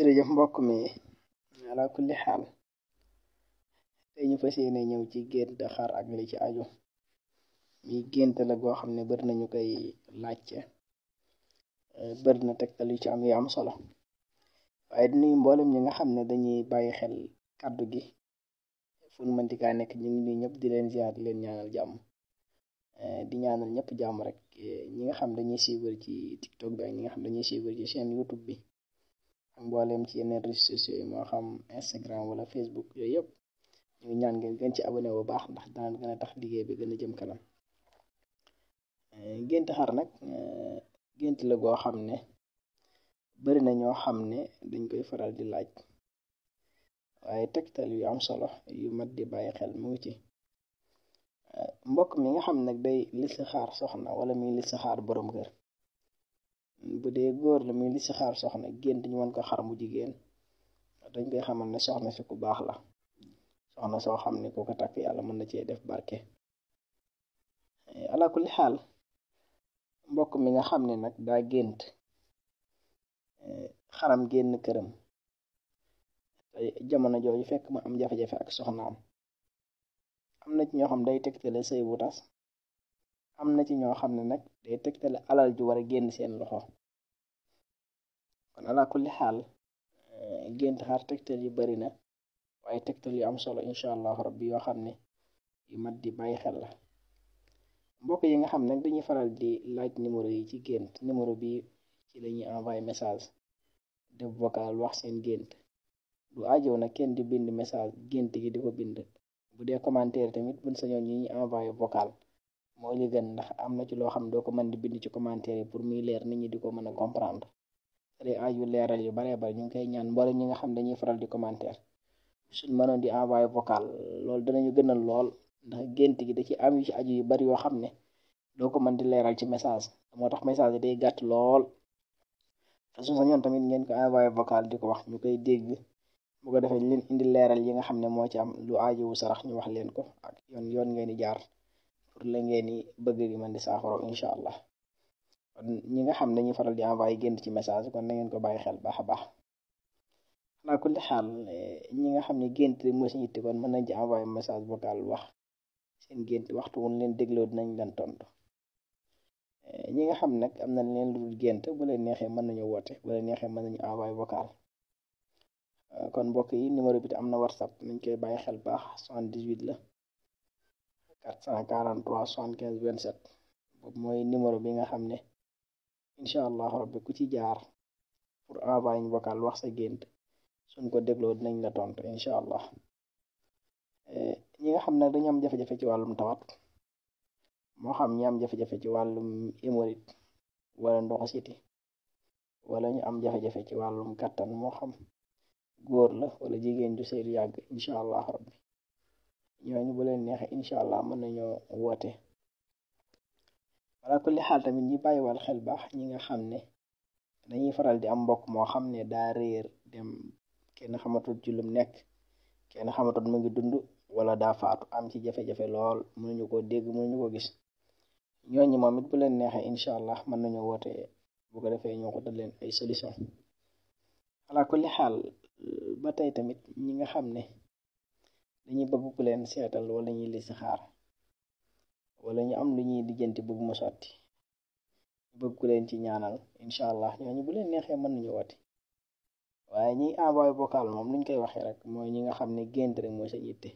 jërëjëf mbokk mi ala kulli xaal te ñu fa yéene ñëw ci gént xar ak li ci ajo mi gént la goo xam ne bari nañu koy laajte eh, bari na tegtal yu ci am yu am solo waaye dinuy mboolem ñi nga xam ne dañuy bàyyi xel kàddu gi fu nu mëntikaa nekk ñu ngi ñëpp di leen ziar leen ñaanal jàmm eh, di ñaanal ñëpp jàmm rek eh, ñi nga xam dañuy siiwal ci tiktok bi ak ñi nga xam dañuy siiwal ci chaîne youtube bi mbooleem ci yeneen réseaux sociaux yi moo xam Instagram wala Facebook yooyu yëpp ñu ngi ñaan ngeen gën ci abonné bu baax ndax daan gën a tax liggéey bi gën a jëm kanam gént xar nag gént la goo xam ne bari na ñoo xam ne dañ koy faral di laaj waaye tegtal yu am solo yu mat di bàyyi xel mu ngi ci mbokk mi nga xam nag day li si xaar soxna wala mi li si xaar borom kër bu dee góor la muy li si xaar soxna gént ñu mën ko xar mu jigéen dañ kay xamal ne soxna si ku baax la soxna soo xam ne ku ko takk yàlla mën na cee def barke ala kulli xaal mbokk mi nga xam ne nag daa gént xaram génn këram te jamono jooju fekk ma am jafe-jafe ak soxnaam am na ci ñoo xam day tegtale sëy bu tas am na ci ñoo xam ne nag day tegtale alal ju war a génn seen loxo kon ala kulli xaal eh, gént xaar tegtal yu bari na waaye tegtal yu am solo incha allah rabbi yoo xam ne yu mat di bàyyi xel la mbokk yi nga xam nag dañuy faral di laaj numéro yi ci gént numéro bi ci lañuy envoyé message def vocal wax seen gént lu ajow na kenn di bind message gént gi di ko bind bu dee commentaire tamit buñ sañoon ñi ñu envoyé vocal moo li gën ndax am na ci loo xam doo ko mën di bind ci commentaire yi pour muy leer nit ñi di ko mën a comprendre tey yu leeral yu baree bari ñu ngi koy ñaan mboolem ñi nga xam dañuy faral di commentaire suñ mënoon di envoyé vocal loolu danañu gënal lool ndax gént gi da ci am yu ci aju yu bari yoo xam ne doo ko mën di leeral ci message moo tax message day gàtt lool te suñ ñoon tamit ngeen ko envoyé vocal di ko wax ñu koy dégg bu ko defee leen indi leeral yi nga xam ne moo ci am lu ajuwu sarax ñu wax leen ko ak yoon yoon ngeen di jaar pour la ngeen ni bëgg gi man di saafara incha allah kon ñi nga xam ne dañuy faral di envoyé gént ci message kon na ngeen ko bàyyi xel baax a baax xanaa kulli xaal ñi nga xam ne gént moo seen yitte kon mën nañ ci envoyé message vocal wax seen gént waxtu wuñ leen dégloo dinañ leen tontu ñi nga xam nag am na leen lu dul gént neexee mën nañu woote bu neexee mën nañu envoyé vocal kon mbokk yi numéro bi te am na whatsapp nañ koy bàyyi xel baax 78 la. 443 75 27 boobu mooy numéro bi nga xam ne incha allah rabbi ku ci jaar pour envoyer ñu vocal wax sa gént suñ ko dégloo dinañ la tontu incha allah eh, ñi nga xam ne dañu am jafe-jafe ci wàllum tawat moo xam ñi am jafe-jafe ci wàllum hémorroïde wala ndoxu siti wala ñu am jafe-jafe ci wàllum kattan moo xam góor la wala jigéen du sëy lu yàgg incha allah rabbi ñooñ bu leen neexe incha allah mën nañoo woote wala kulli xaal tamit ñi bàyyiwal xel baax ñi nga xam ne dañuy faral di am mbokk moo xam ne daa réer dem kenn xamatul ci lum nekk kenn xamatul mu dund wala daa am ci jafe-jafe lool mënuñu ko dégg mënuñu ko gis ñooñu moom it leen neexee incha allah mën nañoo woote bu ko defee ñoo ko leen ay solution wala kulli xaal ba tey tamit ñi nga xam ne dañuy bëgg ku leen seetal wala ñuy xaar wala ñu am lu ñuy lijjanti bëgg ma sotti bëgg ku leen ci ñaanal insha allah ñooñu bu leen neexee mën nañu woote waaye ñiy envoyé vocal moom luñ koy waxee rek mooy ñi nga xam ne gént rek mooy sa yitte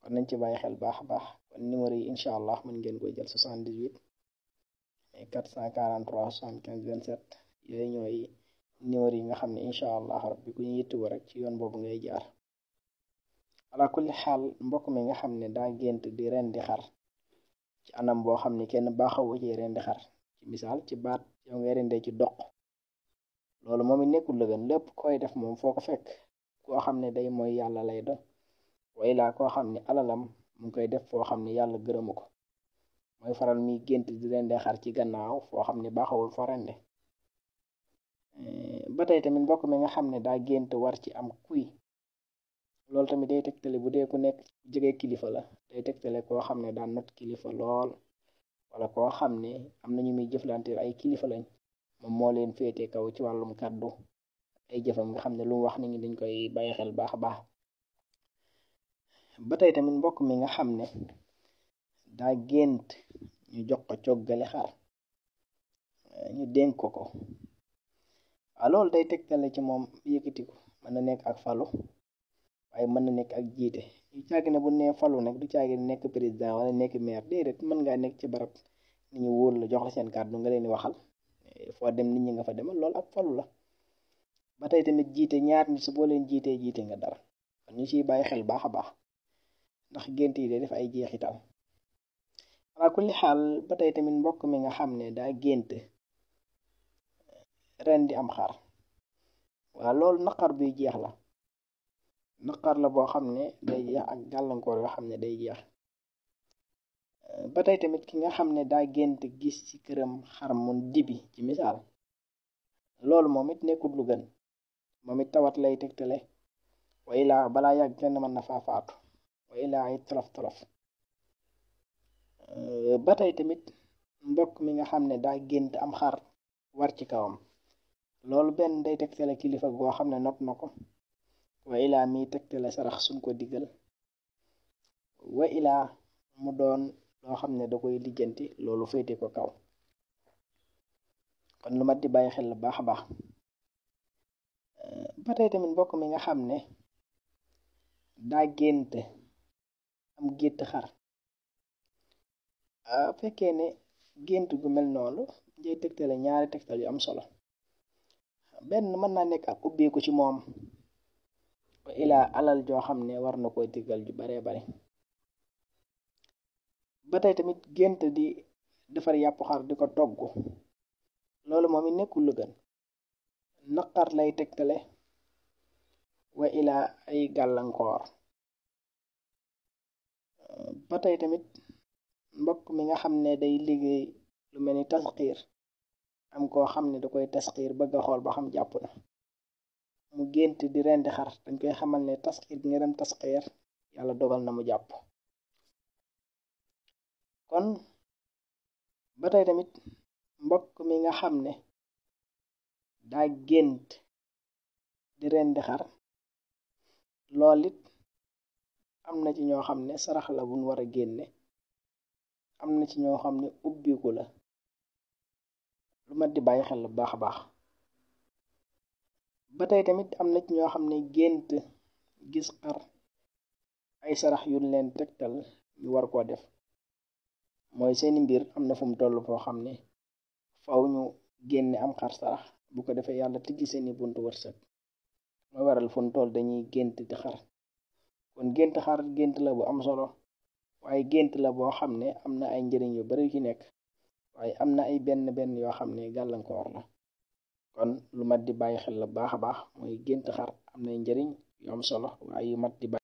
kon nañ ci bàyyi xel baax a baax kon numéro yi insha allah mën ngeen koy jël 78 et 443 75 27 yooyu ñooy numéro yi nga xam ne insha allah rabbi ku ñu yittewoo rek ci yoon boobu ngay jaar. alaakulli xaal mbokk mi nga xam ne daa gént di di xar ci anam boo xam ni kenn baaxawu ci di xar ci misaal ci baat yow ngay rendee ci doq loolu moom it nekkul lëgën lépp koy def moom foo ko fekk koo xam ne day mooy yàlla lay do way laa koo xam ne alalam mu ngi koy def foo xam ne yàlla gërëmu ko mooy faral mi gént di rendee xar ci gannaaw foo xam ne baaxawul fa rende eh, ba tey tamit mbokk mi nga xam ne daa gént war ci am kuy loolu tamit day tegtale bu dee ku nekk jege kilifa la day tegtale koo xam ne daan not kilifa lool walla koo xam ne am na ñu muy jëflanteel ay kilifa lañ moom moo leen féete kaw ci wàllum kàddu ay jëfam nga xam ne lu wax nit dañ koy bàyyi xel baax a baax ba mbokk mi nga xam ne daa gént ñu jox ko coggale xar eh, ñu dénk ko ko a day tegtale ci moom yëkkatiku mën na nekk ak falu waaye mën na nekk ak jiite yu caagi ne bu nee falu nag du caagi nekk président wala nekk maire déedéet mën ngaa nekk ci barab nit ñi wóor la jox seen kàddu nga leen di waxal eh, foo dem nit ñi nga fa demal lool ak falu la ba tey tamit jiite ñaar nit su boo leen jiitee jiite nga dara ñu ciy bàyyi xel baax a baax ndax gént yi day def ay jeexital alaa kulli xaal ba tey tamit mbokk mi nga xam ne daa gént ren di am xar waaw loolu naqar buy jeex la naqar la boo xam ne day jeex ak gàllankoor yoo xam ne day jeex tey tamit ki nga xam ne daa gént gis ci këram xar mun dibi ci misaal loolu moom it nekkul lu gën moom it tawat lay tegtale wa ilaa balaa yàgg kenn mën na faa faatu wa ilaa ay tolof tolof ba tey tamit mbokk mi nga xam ne daa gént am xar war ci kawam loolu benn day tegtale kilifa goo xam ne not na ko wa ilaa mi tegtale sarax suñ ko diggal wa ilaa mu doon loo xam ne da koy lijjanti loolu féete ko kaw kon lu mat di bàyyi xel la baax a baax ba tamit mbokk mi nga xam ne daa gént am gétt xar ah, fekkee ne gént gu mel noonu day tegtale ñaari tegtal yu am solo benn mën naa nekk ak ubbeeku ci moom wa ilaa alal joo xam ne war na koy diggal ju baree bari ba tey tamit gént di defar yàppu xar di ko togg loolu moom it nekkul lu gën naqar lay tegtale wa ilaa ay gàllankoor ba tey tamit mbokk mi nga xam ne day liggéey lu mel ni tasxiir am koo xam ne da koy tasxiir bëgg xool ba xam jàpp na mu gént di rendi xar dañ koy xamal ne tasxiir bi nga dem tasxiir yàlla dogal na mu jàpp kon ba tey tamit mbokk mi nga xam ne daa gént di rendi xar lool it am na ci ñoo xam ne sarax la buñ war a génne am na ci ñoo xam ne ubbiku la lu mat di bàyyi xel bu baax a baax ba tey tamit am na ci ñoo xam ne gént gis xar ay sarax yuñ leen tegtal ñu war koo def mooy seeni mbir am na fu mu toll foo xam ne faw ñu génne am xar sarax bu ko defee yàlla tijji seeni buntu wërsëg mooy waral fu mu toll dañuy gént di xar kon gént xar gént la bu am solo waaye gént la boo xam ne am na ay njëriñ yu bari yu ci nekk waaye am na ay benn benn yoo xam ne gàllankoor la kon lu mat di bàyyi xel la baax a baax mooy gént xar am na njariñ yu am solo waaye yu mat di bàyyi